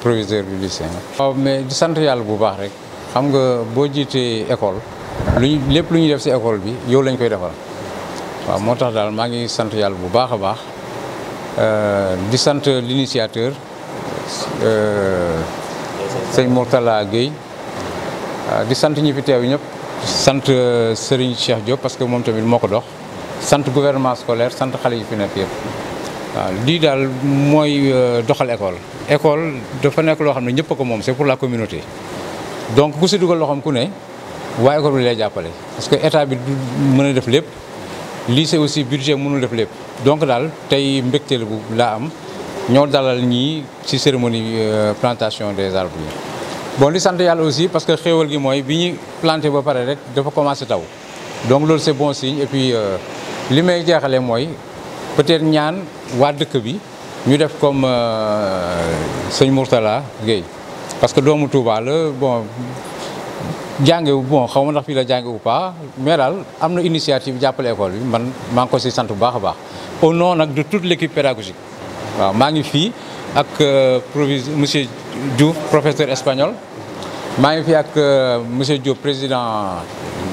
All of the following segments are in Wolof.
proviseur bi lycée waaw mais di sant yàlla bu baax rek xam nga boo jiitee école lu lépp lu ñuy def si école bi yow lañ koy defal waaw moo tax daal maa ngi sant yàlla bu baax a baax euh, di sant l'initiateur euh, sëñ Mourtala Guèye euh, di sant ñi fi teew ñëpp sant Serigne Cheikh Diop parce que moom tamit moo ko dox sant gouvernement scolaire sant xale yi fi nekk yëpp waaw lii daal mooy euh, doxal école école dafa nekk loo xam ne ñëpp ko moom c'est pour la communauté donc ku si dugal loxoom ku ne waa école bi lay jàppale parce que état bi du mën a def lépp lycée aussi budget mënul def lépp donc daal tey mbégteel bu laa am ñoo dalal ñii ci cérémonie euh, plantation des arbres yi bon li sant yàlla aussi parce que xéewal gi mooy bi ñu planté ba pare rek dafa commencé taw donc loolu c'est bon signe et euh, li may jeexalee mooy peut ñaan waa dëkk bi ñu def comme euh, sëñ Mourtala Gueye parce que doomu Touba la bon jànge bon xaw ma ndax fii la jànge ou pas mais daal am na initiative jàppale école bi man maa ko si sant bu baax a baax au nom nag de toute l'équipe pédagogique waaw maa ngi fii ak euh, proviseur monsieur Diouf professeur espagnol maa ngi fi ak euh, monsieur Diouf président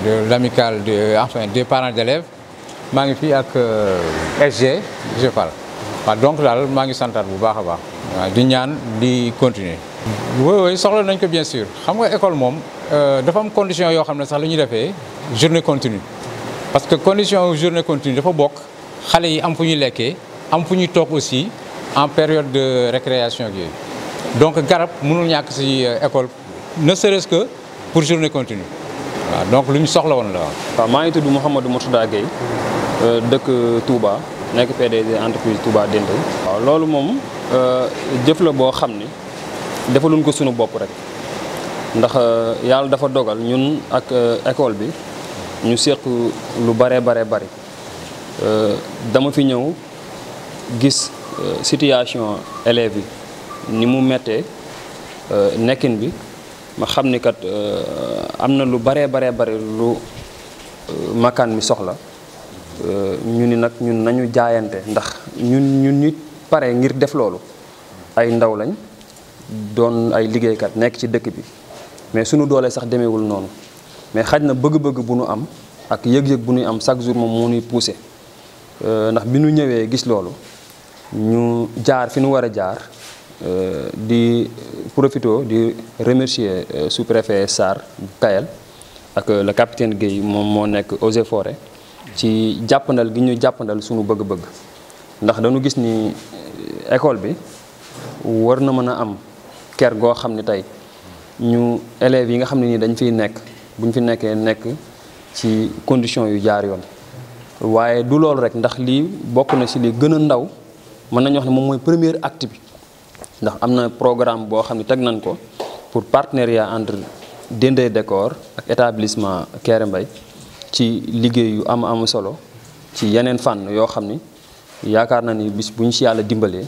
de l'amicale de enfin des parents d'élèves maa ngi fii ak euh, SG Jefal waa donc daal maa ngi santaat bu baax a baax waaw du ñaan di continuer oui oui soxla nañ ko bien sûr xam nga école moom euh, dafa am condition yoo xam ne sax la ñuy defee journée continue parce que condition journée continue dafa bokk xale yi am fu ñuy lekkee am fu ñuy toog aussi en période de récréation ak donc garab mënul ñàkk ci euh, école ne serait que pour journée continue waaw donc lu ñu soxla woon la waaw maa ngi tudd Mouhamadou Mourtada Gueye Euh, dëkk Touba nekk PDG entreprise Touba Dental. waaw loolu moom euh, jëf la boo xam ni defaluñ ko suñu bopp rek ndax euh, yàlla dafa dogal ñun ak école bi ñu seq lu bare bare bari dama fi ñëw gis situation élèves yi ni mu méttee nekkin bi ma xam ni kat am na lu baree baree bari lu makkaan mi soxla Euh, ñu ni nag ñun nañu jaayante ndax ñun ñun ñu pare ngir def loolu ay ndaw lañ doon ay liggéeykat nekk ci dëkk bi mais sunu doolee sax demeewul noonu mais xaj na bëgg-bëgg bu nu am ak yëg-yëg bu ñuy am chaque jour moom moo ñuy poussé euh, ndax bi ñu ñëwee gis loolu ñu jaar fi ñu war a jaar euh, di profito di remercier sous-préfet Sarr Kayel ak le capitaine Guèye moom moo nekk Eaux et ci jàppandal gi ñu jàppandal suñu bëgg-bëgg ndax dañu gis ni eh, école bi war na mën a am ker goo xam ne tey ñu élèves yi nga xam ne nii dañ fi nekk bu ñu fi nekkee nekk ci condition yu jaar yoon waaye du loolu rek ndax lii bokk na ci li gën a ndaw mën nañu wax ne moom mooy première acte ndax am na programme boo xam ne teg nañ ko pour partenariat entre Dendey Décor ak établissement Kéré mbay ci liggéey yu am am solo ci yeneen fànn yoo xam ni yaakaar na ni bis bu ñu si yàlla dimbalee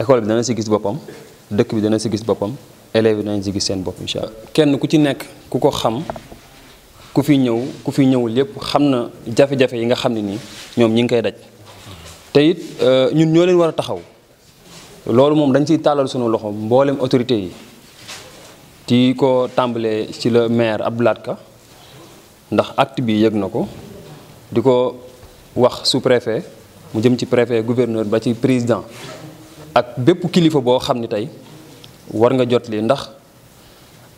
école bi dana si gis boppam dëkk bi dana si gis boppam élèves yi danañ si gis seen bopp incha allah. kenn ku ci nekk ku ko xam ku fi ñëw ku fi ñëw lépp xam na jafe-jafe yi nga xam ne nii ñoom ñi ngi koy daj te it euh, ñun ñoo leen war a taxaw loolu moom dañ ciy tàllal sunu loxo mbooleem autorité yi di ko tàmbalee ci le maire Abdou Lahad Ka ndax act bi yëg na ko di ko wax sous préfet mu jëm ci préfet gouverneur ba ci président ak bépp kilifa boo xam ni tey war nga jot lii ndax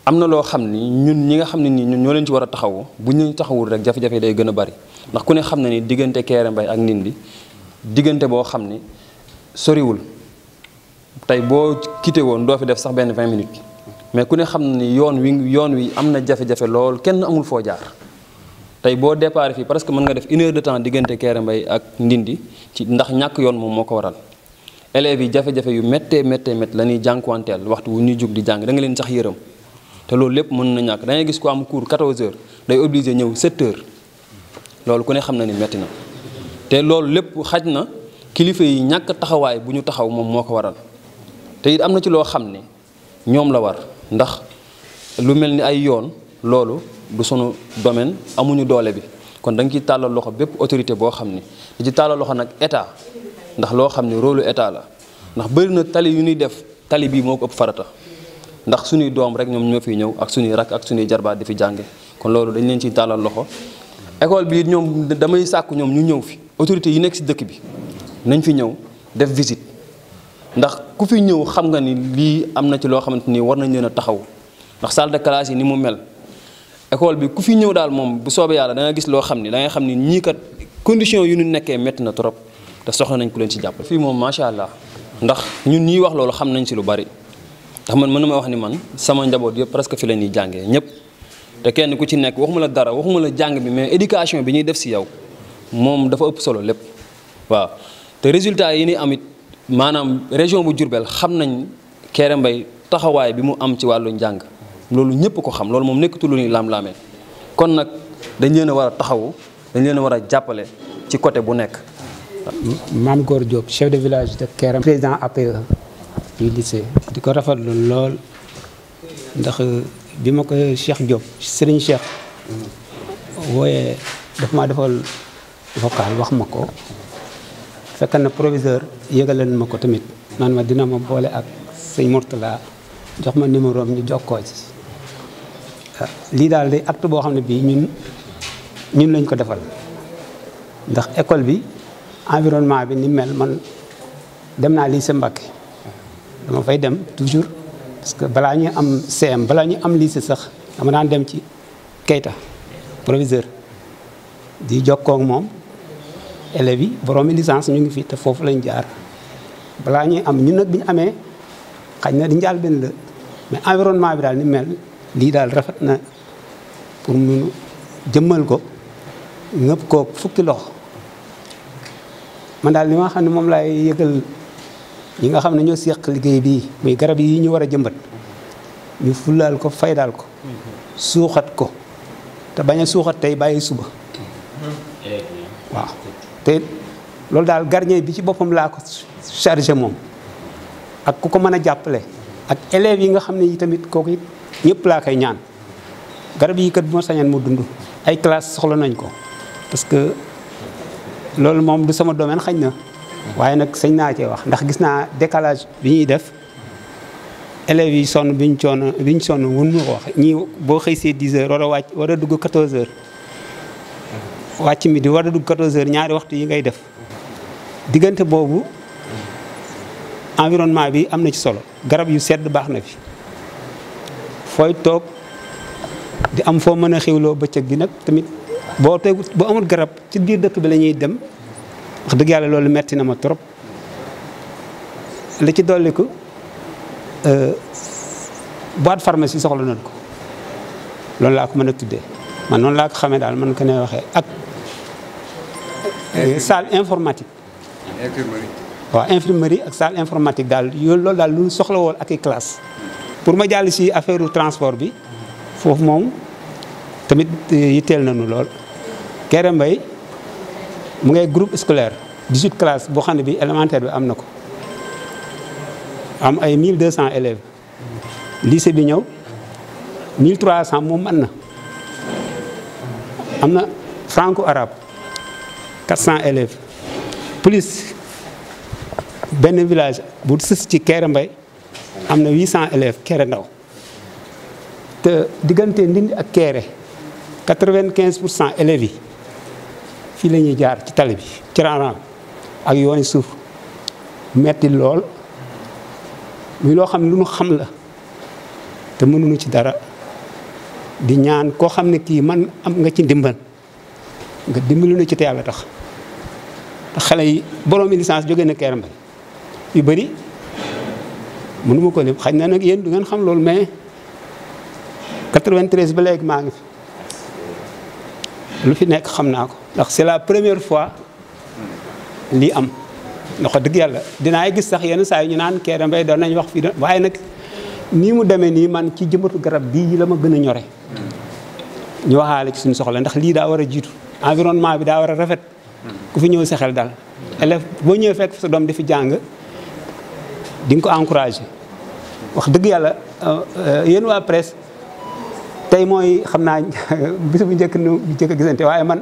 am na loo xam ni ñun ñi nga xam ne nii ñun ñoo leen ci war a taxawu bu ñu taxawul rek jafe-jafe day gën a bari ndax ku ne xam na ni diggante Kéré mbay ak Ndindy diggante boo xam ni soriwul tey boo quitté woon doo fi def sax benn 20 minutes mais ku ne xam na ni yoon wi yoon wi am na jafe-jafe lool kenn amul foo jaar. tey boo départ fii presque mën nga def une heure de temps diggante Kéré Mbaye ak Ndindi ci ndax ñàkk yoon moom moo ko waral élèves yi jafe-jafe yu méttee méttee métt la ñuy jànkuwanteel waxtu wu ñuy jug di jàng da leen sax yërëm te loolu lépp mën na ñàkk da gis ko am cours 14 heures day obligé ñëw 7 heures loolu ku ne xam na ni métti na te loolu lépp xaj na kilifa yi ñàkk taxawaay bu ñu taxaw moom moo ko waral te it am na ci loo xam ne ñoom la war ndax ni yoon du sunu domaine amuñu doole bi kon da nga tàllal loxo bépp autorité boo xam ni da ci tàllal loxo nag état ndax loo xam ni rôle état la ndax bëri na tali yu ñuy def tali bii moo ko ëpp farata ndax suñuy doom rek ñoom ñoo fiy ñëw ak suñuy rak ak suñuy jarbaat di fi jànge kon loolu dañ leen ciy tàllal loxo école bi ñoom damay sàkku ñoom ñu ñëw fi autorité yi nekk si dëkk bi nañ fi ñëw def visite ndax ku fi ñëw xam nga ni lii am na ci loo xamante ni war nañ leen a taxaw ndax salle de classe yi ni mu mel école bi ku fi ñëw daal moom bu soobee yàlla da gis loo xam ni da xam ni ñii kat condition yu ñu nekkee métti na trop te soxla nañ ku leen ci jàppale. fii moom macha allah ndax ñun ñii wax loolu xam nañ si lu bari ndax man mën na ma wax ni man sama njaboot yëpp presque fi la ñuy jàngee ñëpp te kenn ku ci nekk waxuma la dara waxuma la jàng bi mais éducation bi ñuy def ci yow moom dafa ëpp solo lépp waaw te résultat yi ni amit maanaam région bu Diourbel xam nañ Kéré mbay taxawaay bi mu am ci wàllu njàng. loolu ñëpp ko xam loolu moom nekkatu lu ñuy laam-laamee kon nag dañ leen a war a taxawu dañ leen a war a jàppale ci côté bu nekk. Maam Góor Diop chef de village de Kérem président APE du lycée di ko rafetlu lool ndax bi ma koy Cheikh Diop seriñ Cheikh wooyee daf ma defal vocal wax ma ko fekk na proviseur yëgaleen ma ko tamit naan ma dina ma boole ak sëñ Mourtala jox ma numéro am ñu jokkoo ci lii daal de acte boo xam ne bii ñun ñun lañ ko defal ndax école bi environnement bi ni mel man dem naa lycée Mbacké dama fay dem toujours parce que balaa ñuy am CM balaa ñu am lycée sax dama dem ci Keita proviseur di jokkoo ak moom élèves yi boroomi licence ñu ngi fi te foofu lañ jaar balaa ñuy am ñun nag bi ñu amee xañ na di njaal benn la mais environnement bi daal ni mel lii daal rafet na pour mu jëmmal ko ñëpp koo fukki loxo man daal li ma xam ne moom laay yëgal yi nga xam ne ñoo seq liggéey bii muy garab yi ñu war a jëmbat ñu fullaal ko faydaal ko suuxat ko te bañ a suuxat tey bàyyi suba waaw te loolu daal gardien bi ci boppam laa ko chargé moom ak ku ko mën a jàppale ak élèves yi nga xam ne yi tamit kooku it ñëpp laa koy ñaan garab yi kat bu ma sañoon mu dund ay classe soxla nañ ko parce que loolu moom du sama domaine xañ na waaye nag sañ naa cee wax ndax gis naa décalage bi ñuy def élèves yi sonn bi ñu sonn sonn wun ma wax ñii boo xëy see 10 heures war a wàcc war a dugg 14 heures wàcc mi di war a dugg 14 heures ñaari waxtu yi ngay def diggante boobu environnement bi am na ci solo garab yu sedd baax na fi fooy toog di am foo mën a xiwloo bëccëg gi nag tamit boo tegu boo amul garab ci biir dëkk bi lañuy dem wax dëgg yàlla loolu metti na ma trop li ci dolliku euh, boîte pharmacie soxla nañ ko loolu laa ko mën a tuddee man noonu laa ko xamee daal man ko ne waxee ak euh, salle informatique waaw infirmerie ak salle informatique daal yooyu loolu daal lu soxla woon ak i classe pour ma jàll si affaire transport bi foofu moom tamit euh, yitteel nañu lool Kéré mbay mu ngay groupe scolaire 18 classes boo xam ne bi élémentaire bi am na ko am ay 1200 élèves lycée bi ñëw 1300 moom mën na am na franco arabe 400 élèves plus benn village bu sës ci Kéré mbay am na cent élèves Kéré Ndaw te diggante Ndindi ak Kéré 95 pour cent élèves yi fii lañuy jaar ci tali bi ci rang ak yooni suuf metti lool muy loo xam ne lu ñu xam la te mënuñu ci dara di ñaan koo xam ne kii man am nga ci ndimbal nga dimbalu na ci te yàlla tax te xale yi boroomi licence jóge na Kéré Mbaye yu bëri mënu ko lépp xañ na nag yéen du ngeen xam loolu mais 93 ba léegi maa ngi fi lu fi nekk xam naa ko ndax c'est la première fois lii am ndax dëgg yàlla dinaay gis sax yenn saa yi ñu naan Kéré mbay doon nañ wax fii waaye nag nii mu demee nii man ci jëmbatu garab bii la ma gën a ñore ñu waxaale ci suñ soxla ndax lii daa war a jiitu environnement bi daa war a rafet ku fi ñëw sexel xel dal élève boo ñëwee fekk sa doom di fi jàng di ko encouragé wax dëgg yàlla euh, euh, yéen waa presse tey mooy xam naa bis bu njëkk nu njëkk a gisante waaye man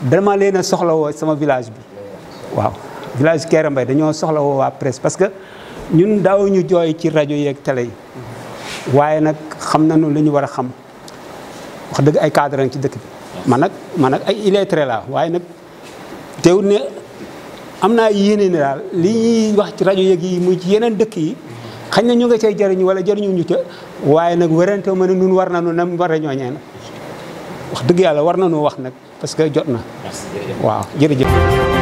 dama leen a soxlawoo sama village bi waaw village Kéré Mbaye dañoo soxlawoo waa presse parce que ñun daaw ñu jooy ci rajo yeeg tele waaye nag xam nañu li ñu war a xam wax dëgg ay cadre ci dëkk bi ma nag man nag ay la waaye nag teewul ne am naa yéene ne daal li ñuy wax ci rajo yeeg yi muy ci yeneen dëkk yi xañ na ñu nga cay jëriñu wala jëriñu ñu ca nag werante ma ne nun war nañu nam war a ñooñee na wax dëgg yàlla war nañu wax nag parce que jot na waaw jërëjëf